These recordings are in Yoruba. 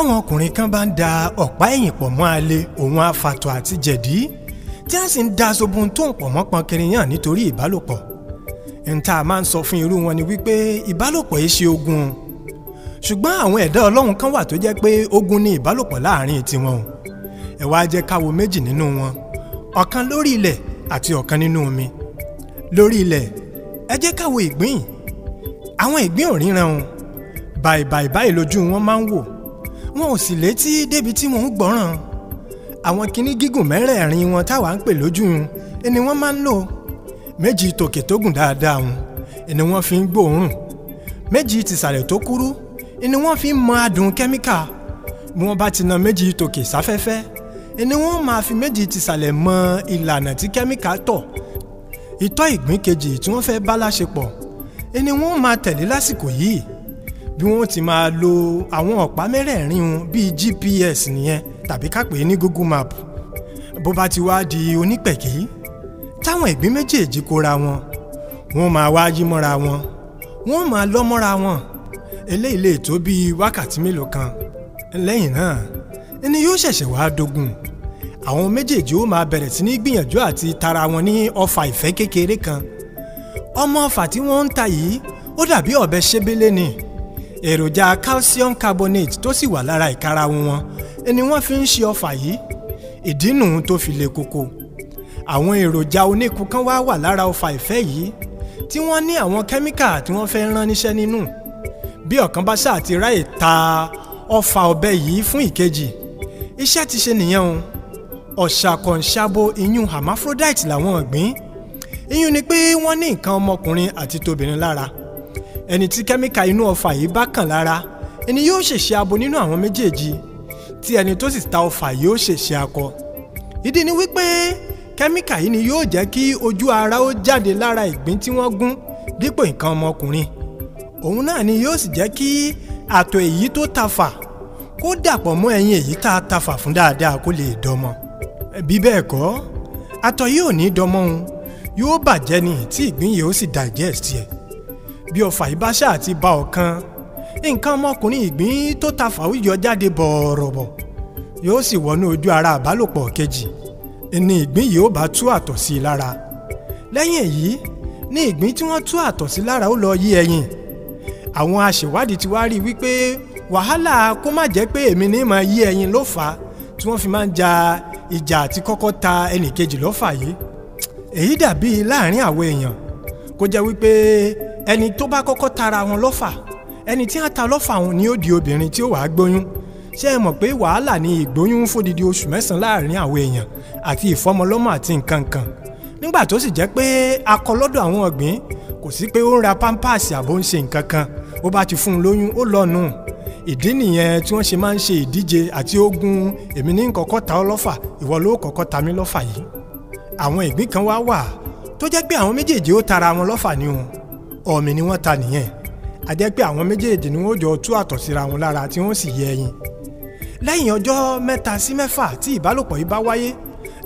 táwọn ọkùnrin kan bá ń da ọ̀pá ẹ̀yìn pọ̀ mọ́ alẹ́ òun àfàtọ̀ àti jẹ̀dí tí wọ́n sì ń da aṣogun tó ń pọ̀ mọ́ pọn kiri yàn nítorí ìbálòpọ̀ níta máa ń sọ fún irú wọn ni wípé ìbálòpọ̀ yìí ṣe ogun ṣùgbọ́n àwọn ẹ̀dá ọlọ́run kan wà tó jẹ́ pé ogun ni ìbálòpọ̀ láàrin tiwọn o ẹ wá jẹ́ ká wo méjì nínú wọn ọ̀kan lórí ilẹ̀ àti ọ̀kan nínú omi lórí ilẹ̀ ẹ jẹ́ ká ìgbín àwọn ìgbín ò ríran o bàìbàì lójú wọn máa ń wò wọn ò sì létí débi tí wọn ń gbọ́ràn àwọn kinní gígùn mẹ́rẹ̀ẹ̀rin wọn táwa ń pè lójú ni wọ́n máa ń lò méjì tòkè tó gùn dáadáa wọn ni wọ́n fi ń gbóòórùn méjì tìsàlẹ̀ tó kúrú ni wọ́n fi ń mọ adùn kẹ́míkà bí wọ́n bá ti na méjì tòkè sáfẹ́fẹ́ ni wọ́n máa fi méjì tìsàlẹ̀ mọ ìlànà tí kẹ́míkà tọ̀ ìtọ́ ìgbín kejì tí wọ́n fẹ́ bá láṣepọ̀ ni wọ́n máa tẹ̀lé lásìkò yìí bí wọ́n ti máa lo àwọn ọ̀pá mẹ́rẹ̀ẹ̀rin wọn bíi GPS nìyẹn tàbí ká pè é ní Google Map bó bá ti wá di onípẹ̀kì táwọn ìgbín méjèèjì kóra wọn wọ́n máa wá yí mọ́ra wọn wọ́n máa lọ́ mọ́ra wọn eléyìí lè tó bíi wákàtí mélòó kan lẹ́yìn náà ẹni yóò ṣẹ̀ṣẹ̀ wá dogun àwọn méjèèjì ó máa bẹ̀rẹ̀ sí ní gbìyànjú àti tara wọn ní ọfà ìfẹ́ kékeré kan ọmọ ọfà tí wọ́n ń ta yìí ó dàbí ọ̀bẹ ṣébélé ni èròjà calcium carbonate tó sì wà lára ìkarahun wọn ni wọ́n fi ń ṣe ọfà yìí ìdí nù tó fi le koko àwọn èròjà oníkun kan wá wà lára ọfà ìfẹ́ yìí tí wọ́n ní àwọn kẹ́míkà tí wọ́n fẹ́ rán níṣẹ́ nínú bí ọ̀kan bá ṣáà ti ráyè ta ọfà ọ̀bẹ yìí fún ìkejì iṣẹ́ ti ṣe nìyẹn o ọ̀ṣàkọ̀ǹṣàbò iyún hermaphrodite làwọn ọ̀gbìn iyún ni pé wọ́n ní nǹkan ọmọkùnrin àti tóbìnrin lára ẹni tí kẹ́míkà inú ọfà yìí bá kàn lára ẹni yóò ṣèṣe abo nínú àwọn méjèèjì tí ẹni tó sì ta ọfà yóò ṣèṣe akọ ìdí ni wípé kẹ́míkà yìí ni yóò jẹ́ kí ojú ara ó jáde lára ìgbín tí wọ́n gún dípò nǹkan ọmọkùnrin òun náà ni yóò sì jẹ́ kí àtọ̀ èyí tó ta fà kó dàpọ̀ mọ́ ẹyin èyí tá a ta fà fún dáadáa kó lè dọmọ bí bẹ́ẹ̀ kọ́ àtọ̀ yìí ní dọmọ òun yóò bàjẹ́ ni tí ìgbín yìí ó sì digest yẹn bí ọfà ìbáṣà àti ba ọ̀kan nǹkan ọmọkùnrin ìgbín tó ta fàwíyọ jáde bọ̀ọ̀rọ̀bọ̀ yóò sì wọnú ojú ara àbálòpọ̀ kejì ni ìgbín yìí ó bá tú àtọ̀ sí i lára lẹ́yìn èyí ní ìgbín tí wọ́n tú àtọ̀ sí lára ó lọ yí ẹyin àwọn aṣèwádìí ti wá rí i wípé wàhálà kó má jẹ́ pé èmi ní máa yí ẹyin ló fà á tí wọ́n fi máa ń ja ìjà àti kọ́kọ́ ta ẹnì kejì lọ́fà yìí èyí dàbí láàrin àwọn èèyàn kó jẹ́ wípé ẹni tó bá kọ́kọ́ tara wọn lọ́fà ẹni tí a ta lọ́fà wọn ni ó di obìnrin tí ó wàá gbóyún ṣé ẹ mọ̀ pé wàhálà ni ìgbóyún fódidi oṣù mẹ́sàn-án láàrin àwọn èèyàn àti ìfọmọlọ́mọ àti nǹkan kan nígbà tó sì jẹ́ pé akọ lọ́dọ̀ àwọn ọ̀gbìn kò sí pé ó ń ra pampasì àbó ń ṣe nǹkan kan ó bá ti fún un lóyún ó lọ́nu ìdí nìyẹn tí wọ́n ṣe máa ń ṣe ìdíje àti ogun èmi ní kọ́kọ́ ta ọ́ lọ́fà ìwọ ló kọ́kọ́ ta mí lọ́fà yìí àwọn ìgbín kan wá wà tó jẹ́ pé àwọn méjèèjì ó tara wọn lọ́fà ni òun ọ̀mì ni wọ́n ta nìyẹn a pé àwọn méjèèjì ni wọ́n jọ tú àtọ̀ síra wọn lára tí wọ́n sì yẹ ẹyin lẹ́yìn ọjọ́ mẹ́ta sí mẹ́fà tí ìbálòpọ̀ yìí bá wáyé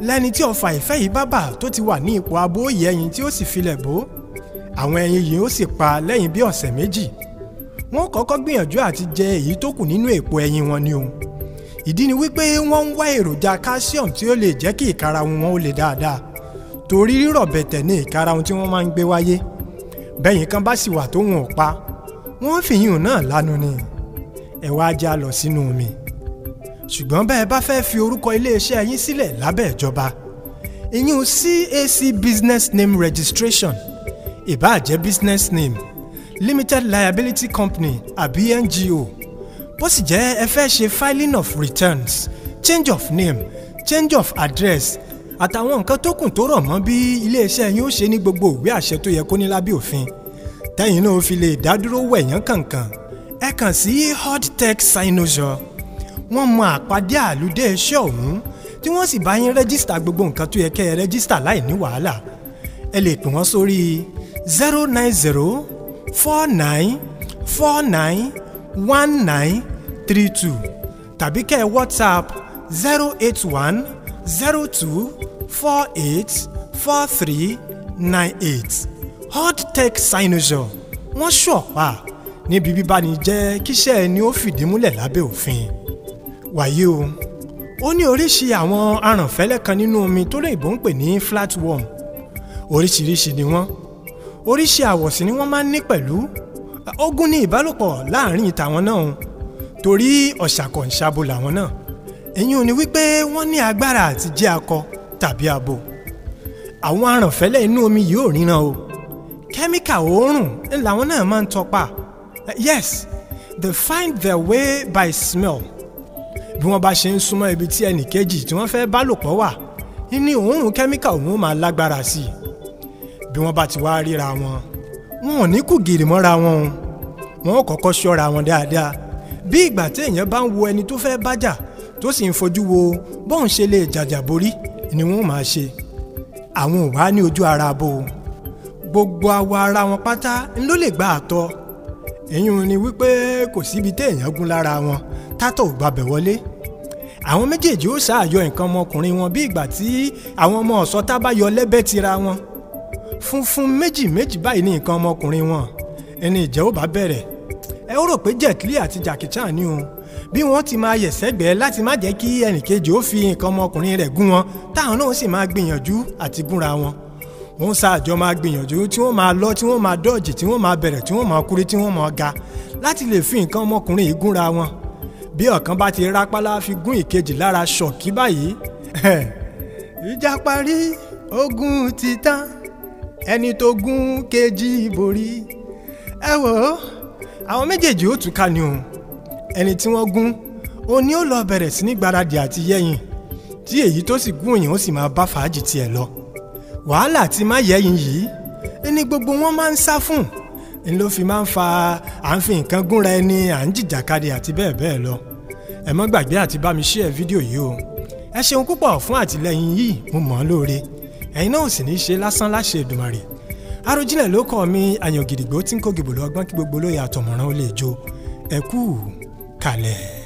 lẹ́ni tí ọfà ìfẹ́ yìí bá bà tó ti wà ní ipò abóyè ẹyin tí ó sì filẹ̀ bò àwọn ẹyin yìí ó sì pa lẹ́yìn bí ọ̀sẹ̀ méjì wọ́n kọ́kọ́ gbìyànjú àti jẹ èyí tó kù nínú èpo ẹyin wọn ni o ìdí ni wípé wọ́n ń wá èròjà calcium tí ó lè jẹ́ kí ìkarahun wọn ó le dáadáa torí rírọ̀ bẹ̀tẹ̀ ní ìkarahun tí wọ́n máa ń gbé wáyé bẹ́yìn kan bá sì wà tó wọn ò pa wọ́n fìyìn náà lanu ni ẹ wá já lọ sínú omi ṣùgbọ́n bẹ́ẹ̀ bá fẹ́ fi orúkọ iléeṣẹ́ yín sílẹ̀ lábẹ́ ìjọba ìyún CAC business name registration ìbáà jẹ́ business name limited liability company àbí NGO bó sì jẹ́ ẹ fẹ́ ṣe filing of returns change of name change of address àtàwọn nǹkan tó kù tó rọ̀ mọ́ bí iléeṣẹ́ yín ó ṣe ní gbogbo ìwé àṣẹ tó yẹ kó ní lábẹ́ òfin tẹ́yìn náà fi lè dádúró wẹ̀yán kankan ẹ kàn sí hotech sinosure wọ́n mọ àpàdé àlùdé iṣẹ́ ọ̀hún tí wọ́n sì bá yín rẹ́gísítà gbogbo nǹkan tó yẹ kẹ́ ẹ rẹ́gísítà láì ní wàhálà ẹ lè pè wọ́n sórí zero nine zero four nine four nine one nine three two tàbí kẹ́ ẹ whatsapp zero eight one zero two four eight four three nine eight hotech sinusoid wọ́n ṣọ̀pá níbi bíbáni jẹ́ kíṣẹ́ ẹni ó fìdí múlẹ̀ lábẹ́ òfin wàyí o ó ní oríṣi àwọn arànfẹ́lẹ́ kan nínú omi tó lóyìnbó ń pè ní flatworm oríṣiríṣi ni wọ́n oríṣi àwọ̀ sì ni wọ́n máa ń ní pẹ̀lú ogún ní ìbálòpọ̀ láàrin ìtàwọn náà torí ọ̀ṣàkọ̀ǹṣabo làwọn náà èyí ò ní wípé wọ́n ní agbára àti jẹ́ akọ tàbí abo àwọn arànfẹ́lẹ́ inú omi yìí ò ríran o kẹ́míkà òórùn làwọn náà máa ń tọpa yes they find their way by smell bí wọ́n bá ṣe ń súnmọ́ ibi tí ẹnì kejì tí wọ́n fẹ́ bá lò pọ̀ wà ní òórùn kẹ́míkà òun máa lágbára sí i bí wọ́n bá ti wá ríra wọn wọn ò ní kù gìrì mọ́ra wọn o wọn ò kọ́kọ́ ṣọ́ra wọn dáadáa bí ìgbà téèyàn bá ń wo ẹni tó fẹ́ bájà tó sì ń fojú wo bóun ṣe lè jàjà borí ni wọ́n máa ṣe àwọn ò wá ní ojú ara bò ó gbogbo awọ ara wọn pátá ló lè gba àtọ̀ èyí ni wípé kò síbi téèyàn gún lára wọn tátọ̀ ò gbabẹ̀ wọlé àwọn méjèèjì ó ṣàyọ nǹkan ọmọkùnrin wọn bí ìgbà tí àwọn ọmọ ọ̀sọ́tá bá yọ lẹ́bẹ̀ tira wọn funfun méjì méjì báyìí ní nǹkan ọmọkùnrin wọn ẹni ìjẹ́ ó bá bẹ̀rẹ̀ ẹ ó rò pé Jet àti Jackie ni òun bí wọ́n ti máa yẹ̀ sẹ́gbẹ̀ẹ́ láti má jẹ́ kí ẹnìkejì ó fi nǹkan ọmọkùnrin rẹ̀ gún wọn táwọn náà sì máa gbìyànjú àti gúnra wọn wọ́n ṣàjọ máa gbìyànjú tí wọ́n máa lọ tí wọ́n máa dọ́ọ̀jì tí wọ́n máa bẹ̀rẹ̀ tí wọ́n máa kúrí tí wọ́n máa ga láti lè fi nǹkan ọmọkùnrin yìí gúnra wọn bí ọ̀kan bá ti rápálá fi gún ìkejì lára ṣọ̀kí báyìí ìjà parí ogun ti tán ẹni tó gún kejì borí ẹ wò ó àwọn méjèèjì ó túká ni òun ẹni tí wọ́n gún ó ní ó lọ bẹ̀rẹ̀ sí ní gbáradì àti yẹ́yìn tí èyí tó sì gún èèyàn ó sì máa bá fàájì tiẹ̀ lọ wàhálà àti má yẹ́yìn yìí ẹni gbogbo wọn máa ń sá fún ń ló fi máa ń fa à ń fi nǹkan gúnra ẹni à ń jìjàkadì àti bẹ́ẹ̀ bẹ́ẹ̀ lọ ẹ má gbàgbé àti bá mi share fídíò yìí o ẹ ṣeun púpọ̀ fún àtìlẹyìn yìí mo mọ̀ ọ́n lóore ẹ̀yin náà sì ní í ṣe lásán láṣẹ Èdùmàrè Àròjinlẹ̀ ló kọ́ mi àyàn gidigbo tí ń kó gìbò lọ kí gbogbo lóye àtọ̀mọ̀ràn ó lè jó ẹ kú kalẹ̀.